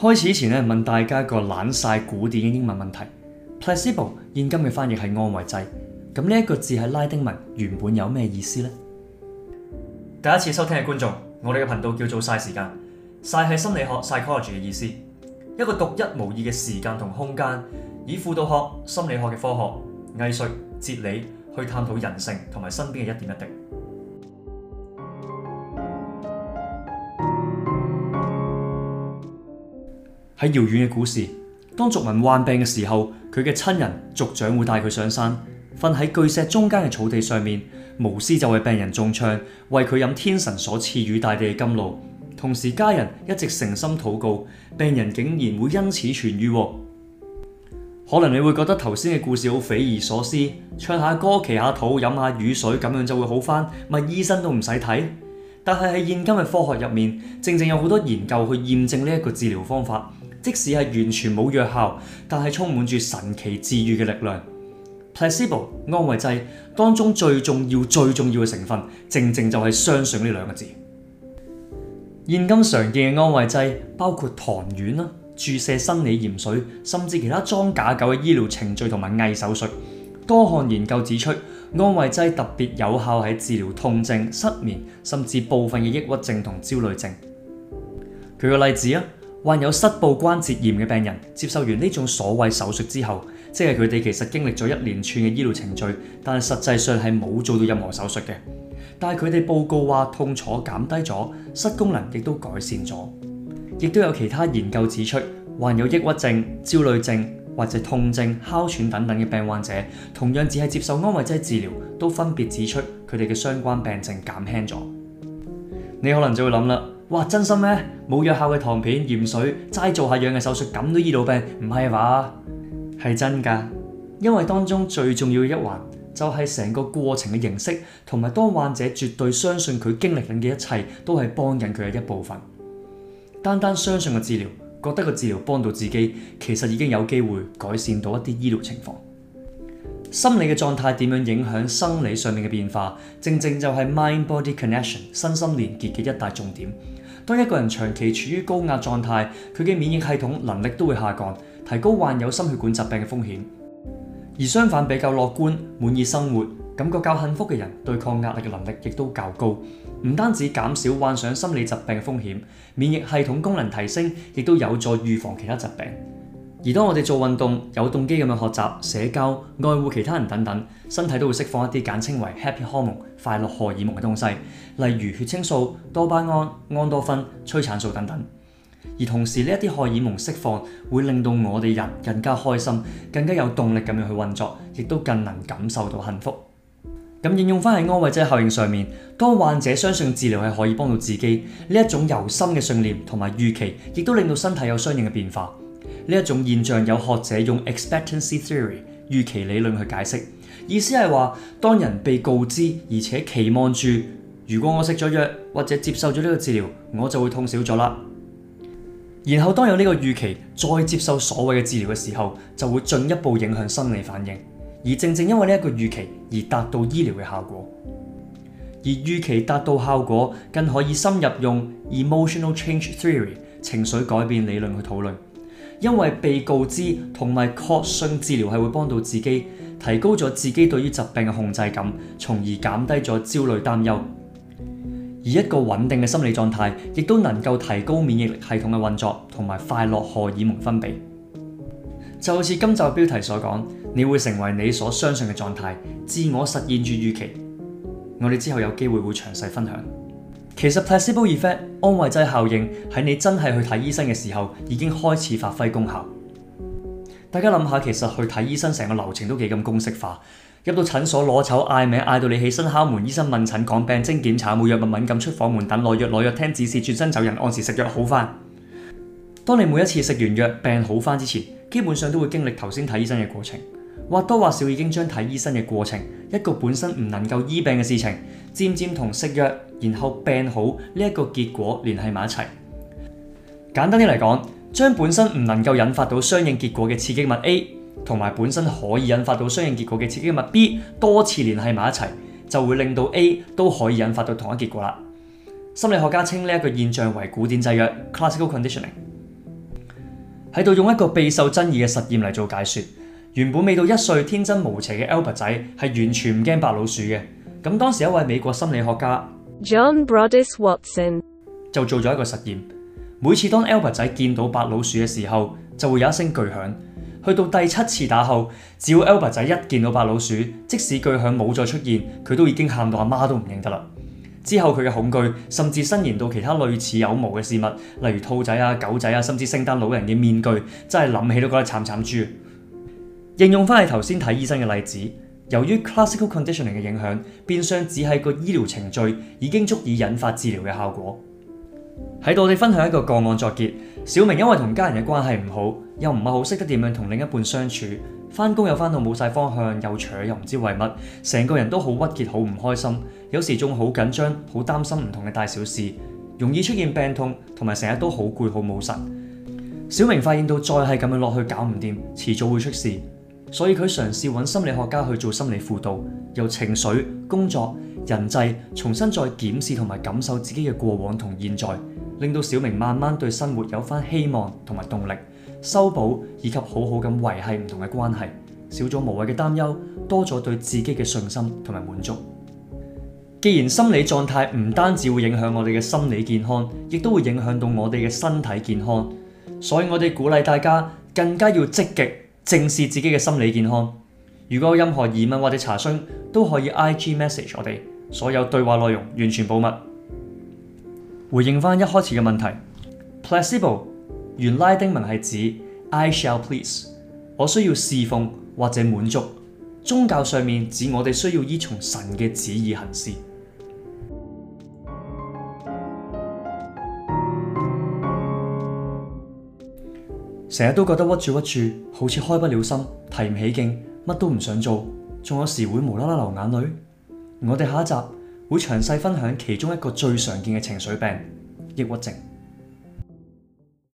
開始前咧，問大家一個懶晒古典嘅英文問題。Placebo，現今嘅翻譯係安慰劑。咁呢一個字係拉丁文原本有咩意思呢？第一次收聽嘅觀眾，我哋嘅頻道叫做晒時間。晒係心理學 psychology 嘅意思。一個獨一無二嘅時間同空間，以輔導學、心理學嘅科學、藝術、哲理去探討人性同埋身邊嘅一點一滴。喺遙遠嘅古時，當族民患病嘅時候，佢嘅親人族長會帶佢上山，瞓喺巨石中間嘅草地上面，巫師就為病人中唱，為佢飲天神所賜予大地嘅甘露，同時家人一直誠心禱告，病人竟然會因此痊癒。可能你會覺得頭先嘅故事好匪夷所思，唱下歌、祈下禱、飲下雨水，咁樣就會好返，咪醫生都唔使睇。但係喺現今嘅科學入面，正正有好多研究去驗證呢一個治療方法。即使係完全冇藥效，但係充滿住神奇治愈嘅力量。Placebo 安慰劑當中最重要、最重要嘅成分，正正就係相信呢兩個字。現今常見嘅安慰劑包括糖丸、注射生理鹽水，甚至其他裝假狗嘅醫療程序同埋偽手術。多項研究指出，安慰劑特別有效喺治療痛症、失眠，甚至部分嘅抑鬱症同焦慮症。舉個例子啊！患有膝部關節炎嘅病人接受完呢種所謂手術之後，即係佢哋其實經歷咗一連串嘅醫療程序，但係實際上係冇做到任何手術嘅。但係佢哋報告話痛楚減低咗，膝功能亦都改善咗。亦都有其他研究指出，患有抑鬱症、焦慮症或者痛症、哮喘等等嘅病患者，同樣只係接受安慰劑治療，都分別指出佢哋嘅相關病症減輕咗。你可能就會諗啦。哇！真心咩？冇藥效嘅糖片、鹽水，齋做下樣嘅手術，咁都醫到病，唔係話係真㗎？因為當中最重要嘅一環，就係成個過程嘅認識，同埋當患者絕對相信佢經歷緊嘅一切，都係幫緊佢嘅一部分。單單相信個治療，覺得個治療幫到自己，其實已經有機會改善到一啲醫療情況。心理嘅狀態點樣影響生理上面嘅變化？正正就係 mind-body connection 身心連結嘅一大重點。當一個人長期處於高壓狀態，佢嘅免疫系統能力都會下降，提高患有心血管疾病嘅風險。而相反，比較樂觀、滿意生活、感覺較幸福嘅人，對抗壓力嘅能力亦都較高。唔單止減少患上心理疾病嘅風險，免疫系統功能提升，亦都有助預防其他疾病。而當我哋做運動、有動機咁樣學習、社交、愛護其他人等等，身體都會釋放一啲簡稱為 happy hormone、快樂荷爾蒙嘅東西，例如血清素、多巴胺、胺多酚、催產素等等。而同時呢一啲荷爾蒙釋放會令到我哋人更加開心、更加有動力咁樣去運作，亦都更能感受到幸福。咁應用翻喺安慰劑效應上面，當患者相信治療係可以幫到自己，呢一種由心嘅信念同埋預期，亦都令到身體有相應嘅變化。呢一種現象，有學者用 expectancy theory 預期理論去解釋，意思係話，當人被告知而且期望住，如果我食咗藥或者接受咗呢個治療，我就會痛少咗啦。然後當有呢個預期再接受所謂嘅治療嘅時候，就會進一步影響生理反應，而正正因為呢一個預期而達到醫療嘅效果。而預期達到效果，更可以深入用 emotional change theory 情緒改變理論去討論。因為被告知同埋確信治療係會幫到自己，提高咗自己對於疾病嘅控制感，從而減低咗焦慮擔憂。而一個穩定嘅心理狀態，亦都能夠提高免疫力系統嘅運作，同埋快樂荷爾蒙分泌。就好似今集標題所講，你會成為你所相信嘅狀態，自我實現住預期。我哋之後有機會會詳細分享。其實 placebo effect 安慰劑效應喺你真係去睇醫生嘅時候已經開始發揮功效。大家諗下，其實去睇醫生成個流程都幾咁公式化，入到診所攞籌嗌名，嗌到你起身敲門，醫生問診講病徵檢查，冇藥物敏感出房門，等攞藥攞藥聽指示轉身走人，按時食藥好返。當你每一次食完藥病好返之前，基本上都會經歷頭先睇醫生嘅過程。或多或少已經將睇醫生嘅過程，一個本身唔能夠醫病嘅事情，漸漸同食藥然後病好呢一個結果聯繫埋一齊。簡單啲嚟講，將本身唔能夠引發到相應結果嘅刺激物 A，同埋本身可以引發到相應結果嘅刺激物 B，多次聯繫埋一齊，就會令到 A 都可以引發到同一結果啦。心理學家稱呢一個現象為古典制約 （classical conditioning），喺度用一個備受爭議嘅實驗嚟做解說。原本未到一歲天真無邪嘅 Albert 仔係完全唔驚白老鼠嘅。咁當時一位美國心理學家 John Broadus Watson 就做咗一個實驗，每次當 Albert 仔見到白老鼠嘅時候，就會有一聲巨響。去到第七次打後，只要 Albert 仔一見到白老鼠，即使巨響冇再出現，佢都已經喊到阿媽都唔認得啦。之後佢嘅恐懼甚至伸延到其他類似有毛嘅事物，例如兔仔啊、狗仔啊，甚至聖誕老人嘅面具，真係諗起都覺得慘慘豬。應用翻係頭先睇醫生嘅例子，由於 classical conditioning 嘅影響，變相只係個醫療程序已經足以引發治療嘅效果。喺度 我哋分享一個個案作結。小明因為同家人嘅關係唔好，又唔係好識得點樣同另一半相處，翻工又翻到冇晒方向，又坐又唔知為乜，成個人都好鬱結，好唔開心，有時仲好緊張，好擔心唔同嘅大小事，容易出現病痛，同埋成日都好攰，好冇神。小明發現到再係咁樣落去搞唔掂，遲早會出事。所以佢嘗試搵心理學家去做心理輔導，由情緒、工作、人際，重新再檢視同埋感受自己嘅過往同現在，令到小明慢慢對生活有返希望同埋動力，修補以及好好咁維繫唔同嘅關係，少咗無謂嘅擔憂，多咗對自己嘅信心同埋滿足。既然心理狀態唔單止會影響我哋嘅心理健康，亦都會影響到我哋嘅身體健康，所以我哋鼓勵大家更加要積極。正視自己嘅心理健康。如果有任何疑問或者查詢，都可以 IG message 我哋。所有對話內容完全保密。回應返一開始嘅問題，Placebo 原拉丁文係指 I shall please，我需要侍奉或者滿足。宗教上面指我哋需要依從神嘅旨意行事。成日都覺得屈住屈住，好似開不了心，提唔起勁，乜都唔想做，仲有時會無啦啦流眼淚。我哋下一集會詳細分享其中一個最常見嘅情緒病——抑鬱症。